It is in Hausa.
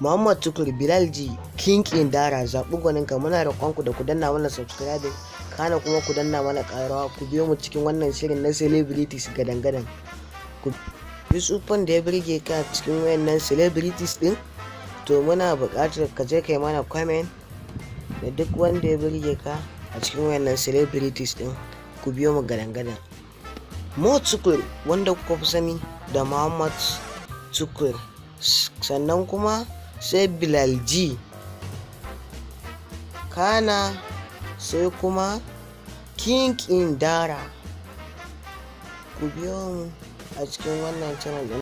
Muhammad Tukur Bilal Ji King dara zaɓi gwanin ka muna ku da ku danna mana subscribe kana kuma ku danna mana ƙarawa ku biyo mu cikin wannan shirin na celebrities gadan-gadan. Ku bi tsufan da ya birge ka cikin wayannan celebrities ɗin to muna buƙatar ka je kai mana comment da duk wanda ya birge ka a cikin wayannan celebrities ɗin ku biyo mu gadan-gadan. Mo Tukur wanda kuka fi sani da Muhammad Tukur sannan kuma sai bilal g kana sai kuma king indara ku biyo mu a cikin wannan channel